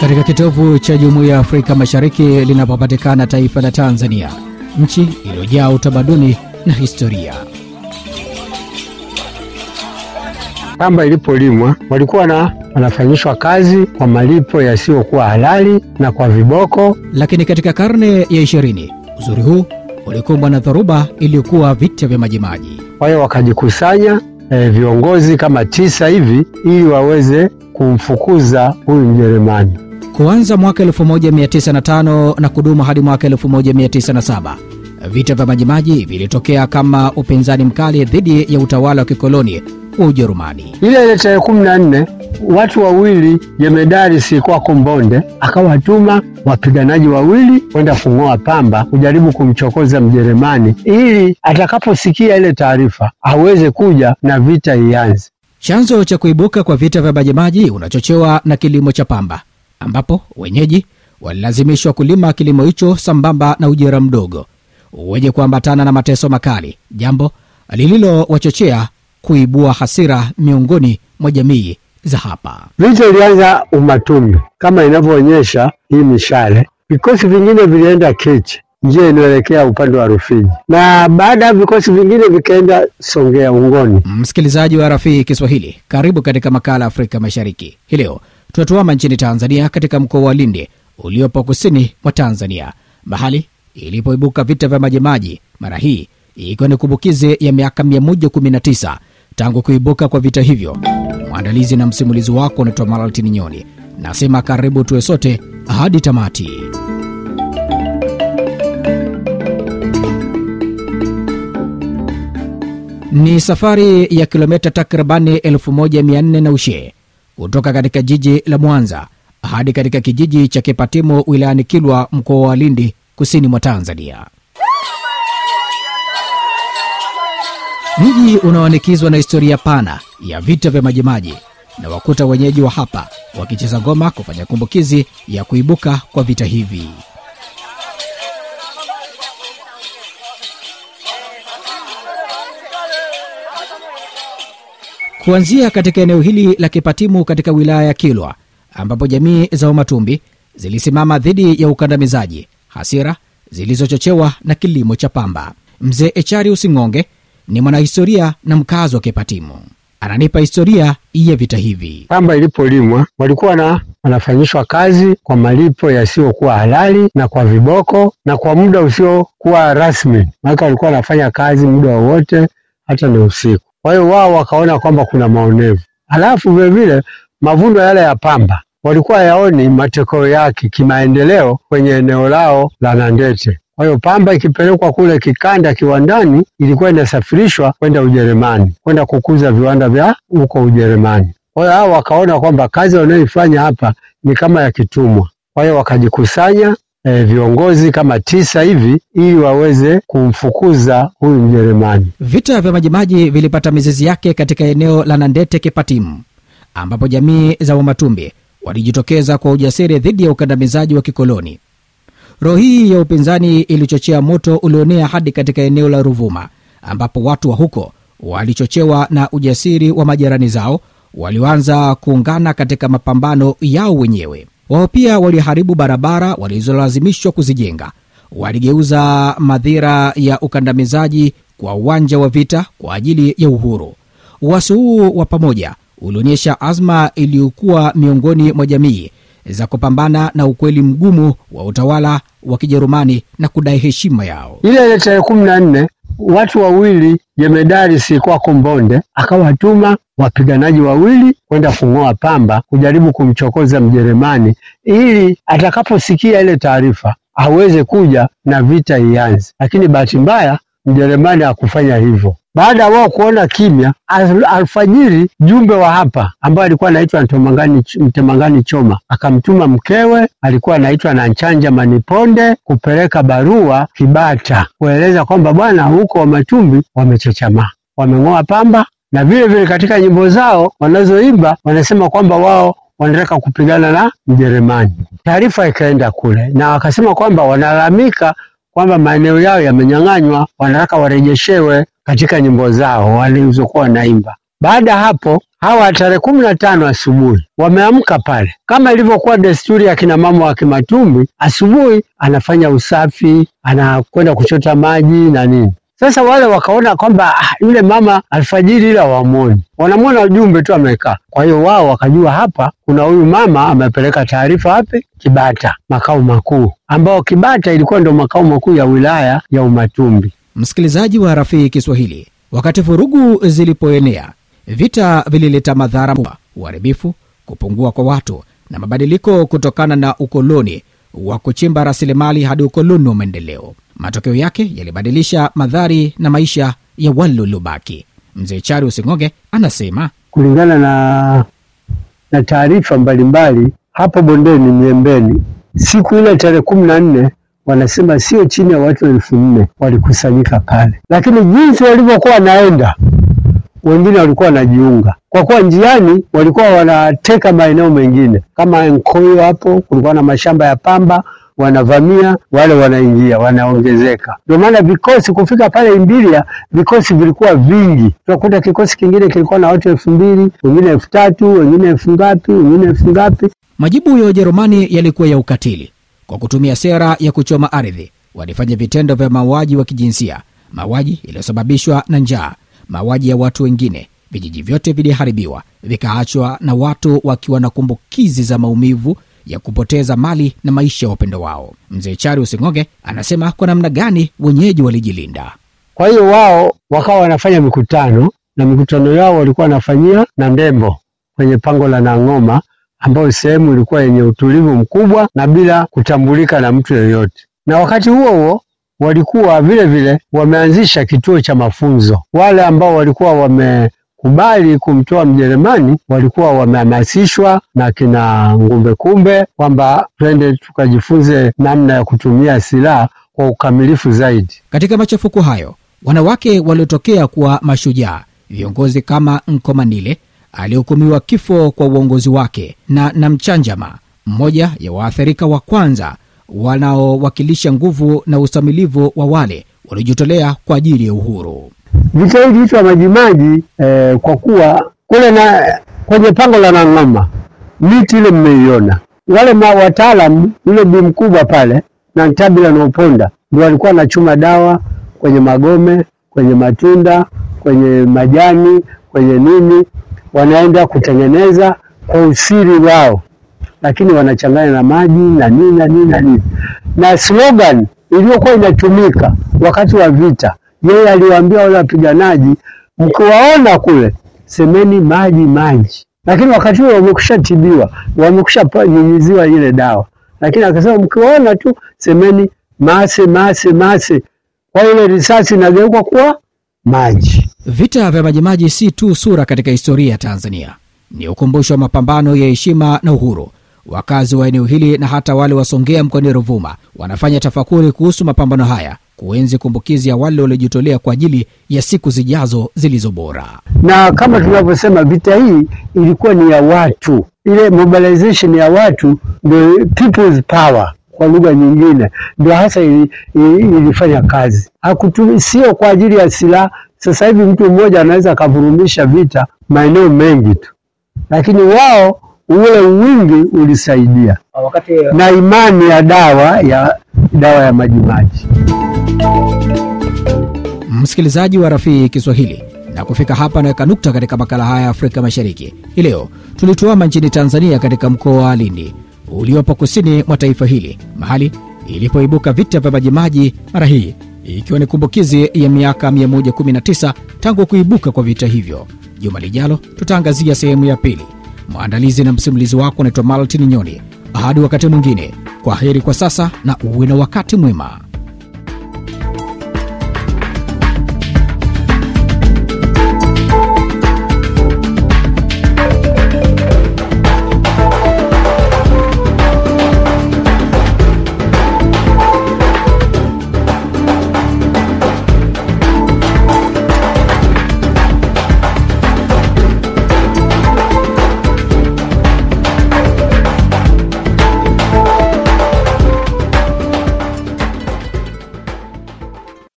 Katika kitovu cha Jumuiya ya Afrika Mashariki linapopatikana taifa la Tanzania, nchi iliyojaa utamaduni na historia. kamba ilipolimwa walikuwa na wanafanyishwa kazi kwa malipo yasiyokuwa halali na kwa viboko, lakini katika karne ya ishirini uzuri huu ulikumbwa na dhoruba iliyokuwa vita vya Majimaji. Kwa hiyo wakajikusanya e, viongozi kama tisa hivi ili waweze kumfukuza huyu Mjerumani. Kuanza mwaka 1905 na kudumu hadi mwaka 1907, vita vya Majimaji vilitokea kama upinzani mkali dhidi ya utawala wa kikoloni wa Ujerumani. Ile ile tarehe kumi na nne watu wawili jemedari Sikwako Mbonde akawatuma wapiganaji wawili kwenda kung'oa pamba kujaribu kumchokoza Mjerumani ili atakaposikia ile taarifa aweze kuja na vita ianze. Chanzo cha kuibuka kwa vita vya Majimaji unachochewa na kilimo cha pamba ambapo wenyeji walilazimishwa kulima kilimo hicho sambamba na ujira mdogo wenye kuambatana na mateso makali, jambo lililowachochea kuibua hasira miongoni mwa jamii za hapa. Vita ilianza Umatumbi kama inavyoonyesha hii mishale, vikosi vingine vilienda Kechi, njia inaelekea upande wa Rufiji, na baada ya vikosi vingine vikaenda Songea, Ungoni. Msikilizaji wa Rafii Kiswahili, karibu katika makala Afrika Mashariki. Hii leo tunatuama nchini Tanzania, katika mkoa wa Lindi uliopo kusini mwa Tanzania, mahali ilipoibuka vita vya Majimaji, mara hii ikiwa ni kumbukizi ya miaka 119 tangu kuibuka kwa vita hivyo. Mwandalizi na msimulizi wako unaitwa Malaltini Nyoni, nasema karibu tuwe sote hadi tamati. Ni safari ya kilomita takribani 14 na ushe kutoka katika jiji la Mwanza hadi katika kijiji cha Kipatimo wilayani Kilwa mkoa wa Lindi kusini mwa Tanzania. mji unaoanikizwa na historia pana ya vita vya Majimaji na wakuta wenyeji wa hapa wakicheza ngoma kufanya kumbukizi ya kuibuka kwa vita hivi. Kuanzia katika eneo hili la Kipatimu katika wilaya ya Kilwa ambapo jamii za umatumbi zilisimama dhidi ya ukandamizaji, hasira zilizochochewa na kilimo cha pamba. Mzee Echari Using'onge ni mwanahistoria na mkazi wa Kepatimu ananipa historia ya vita hivi. Pamba ilipolimwa walikuwa na wanafanyishwa kazi kwa malipo yasiyokuwa halali na kwa viboko na kwa muda usiokuwa rasmi, maanake walikuwa wanafanya kazi muda wowote, hata ni usiku. Kwa hiyo wao wakaona kwamba kuna maonevu, halafu vilevile mavuno yale ya pamba walikuwa yaoni matokeo yake kimaendeleo kwenye eneo lao la Nandete. Kwa hiyo pamba ikipelekwa kule kikanda kiwandani, ilikuwa inasafirishwa kwenda Ujerumani, kwenda kukuza viwanda vya huko Ujerumani. Kwa hiyo hao wakaona kwamba kazi wanayoifanya hapa ni kama ya kitumwa, kwa hiyo wakajikusanya E, viongozi kama tisa hivi ili waweze kumfukuza huyu Mjerumani. Vita vya Majimaji vilipata mizizi yake katika eneo la Nandete Kipatimu, ambapo jamii za Wamatumbi walijitokeza kwa ujasiri dhidi ya ukandamizaji wa kikoloni. Roho hii ya upinzani ilichochea moto ulioenea hadi katika eneo la Ruvuma, ambapo watu wa huko walichochewa na ujasiri wa majirani zao walioanza kuungana katika mapambano yao wenyewe. Wao pia waliharibu barabara walizolazimishwa kuzijenga. Waligeuza madhira ya ukandamizaji kwa uwanja wa vita kwa ajili ya uhuru. Uwasi huu wa pamoja ulionyesha azma iliyokuwa miongoni mwa jamii za kupambana na ukweli mgumu wa utawala wa Kijerumani na kudai heshima yao. Ile ile tarehe kumi na nne watu wawili jemedari Sikwa Kombonde akawatuma wapiganaji wawili kwenda kung'oa pamba kujaribu kumchokoza Mjerumani ili atakaposikia ile taarifa aweze kuja na vita ianze, lakini bahati mbaya Mjerumani hakufanya hivyo. Baada ya wao kuona kimya, al alfajiri jumbe wa hapa ambaye alikuwa anaitwa Mtemangani, Mtemangani Choma akamtuma mkewe alikuwa anaitwa Nanchanja Maniponde kupeleka barua Kibata kueleza kwamba bwana, huko Wamatumbi wamechechamaa, wameng'oa pamba, na vile vile katika nyimbo zao wanazoimba wanasema kwamba wao wanataka kupigana na Mjerumani. Taarifa ikaenda kule na wakasema kwamba wanalalamika kwamba maeneo yao yamenyang'anywa, wanataka warejeshewe katika nyimbo zao walizokuwa wanaimba. Baada ya hapo hawa tarehe kumi na tano asubuhi wameamka pale, kama ilivyokuwa desturi ya kina mama wa Kimatumbi, asubuhi anafanya usafi, anakwenda kuchota maji na nini. Sasa wale wakaona kwamba ah, yule mama alfajiri ila wamwoni, wanamwona ujumbe tu amekaa. Kwa hiyo wao wakajua hapa kuna huyu mama amepeleka taarifa wapi? Kibata, makao makuu, ambao Kibata ilikuwa ndio makao makuu ya wilaya ya Umatumbi. Msikilizaji wa Rafii Kiswahili, wakati vurugu zilipoenea, vita vilileta madhara uharibifu, kupungua kwa watu na mabadiliko kutokana na ukoloni wa kuchimba rasilimali hadi ukoloni wa maendeleo. Matokeo yake yalibadilisha madhari na maisha ya walolobaki. Mzee Chari Using'oge anasema kulingana na na taarifa mbalimbali hapo bondeni Miembeni, siku ile tarehe kumi na nne wanasema sio chini ya watu elfu nne walikusanyika pale, lakini jinsi walivyokuwa wanaenda wengine walikuwa wanajiunga kwa kuwa njiani walikuwa wanateka maeneo mengine kama Nkoyo. Hapo kulikuwa na mashamba ya pamba, wanavamia wale, wanaingia wanaongezeka. Ndio maana vikosi kufika pale Imbilia, vikosi vilikuwa vingi, tunakuta kikosi kingine kilikuwa na watu elfu mbili wengine elfu tatu wengine elfu ngapi wengine elfu ngapi. Majibu ya Ujerumani yalikuwa ya ukatili kwa kutumia sera ya kuchoma ardhi walifanya vitendo vya mauaji wa kijinsia, mauaji yaliyosababishwa na njaa, mauaji ya watu wengine. Vijiji vyote viliharibiwa, vikaachwa na watu wakiwa na kumbukizi za maumivu ya kupoteza mali na maisha ya wapendo wao. Mzee Chari Using'oge anasema kwa namna gani wenyeji walijilinda. Kwa hiyo wao wakawa wanafanya mikutano na mikutano yao walikuwa wanafanyia na Ndembo kwenye pango la Nang'oma ambayo sehemu ilikuwa yenye utulivu mkubwa na bila kutambulika na mtu yoyote. Na wakati huo huo walikuwa vile vile wameanzisha kituo cha mafunzo. Wale ambao walikuwa wamekubali kumtoa Mjerumani walikuwa wamehamasishwa na kina Ngumbe Kumbe kwamba twende tukajifunze namna ya kutumia silaha kwa ukamilifu zaidi. Katika machafuko hayo, wanawake waliotokea kuwa mashujaa, viongozi kama Nkomanile alihukumiwa kifo kwa uongozi wake, na Namchanjama, mmoja ya waathirika wa kwanza wanaowakilisha nguvu na usamilivu wa wale waliojitolea kwa ajili ya uhuru. vita hicho wa Majimaji eh, kwa kuwa kule na kwenye pango la Nang'oma miti ile mmeiona, wale wataalam yule bi mkubwa pale na Ntabila na Uponda ndio walikuwa na chuma dawa kwenye magome, kwenye matunda, kwenye majani, kwenye nini wanaenda kutengeneza kwa usiri wao, lakini wanachanganya na maji na nini na nini na nini. Na slogan iliyokuwa inatumika wakati wa vita, yeye aliwaambia wale wapiganaji, mkiwaona kule semeni maji maji, lakini wakati huo wamekusha tibiwa, wamekusha nyunyiziwa ile dawa, lakini akasema mkiwaona tu semeni mase mase mase, kwa ile risasi inageuka kuwa maji. Vita vya Majimaji si tu sura katika historia ya Tanzania, ni ukumbusho wa mapambano ya heshima na uhuru. Wakazi wa eneo hili na hata wale wasongea mkoani Ruvuma wanafanya tafakuri kuhusu mapambano haya, kuenzi kumbukizi ya wale waliojitolea kwa ajili ya siku zijazo zilizo bora. Na kama tunavyosema, vita hii ilikuwa ni ya watu, ile mobilization ya watu, the people's power kwa lugha nyingine, ndio hasa ili, ilifanya kazi. sio kwa ajili ya silaha. Sasa hivi mtu mmoja anaweza akavurumisha vita maeneo mengi tu, lakini wao ule wingi ulisaidia wakati, uh, na imani ya dawa ya dawa ya majimaji. Msikilizaji wa Rafii Kiswahili, na kufika hapa naweka nukta katika makala haya ya Afrika Mashariki hii leo. Tulituama nchini Tanzania katika mkoa wa Lindi uliopo kusini mwa taifa hili, mahali ilipoibuka vita vya Majimaji, mara hii ikiwa ni kumbukizi ya miaka 119 tangu kuibuka kwa vita hivyo. Juma lijalo tutaangazia sehemu ya pili. Mwandalizi na msimulizi wako unaitwa Maltin Nyoni. Hadi wakati mwingine, kwa heri kwa sasa na uwe na wakati mwema.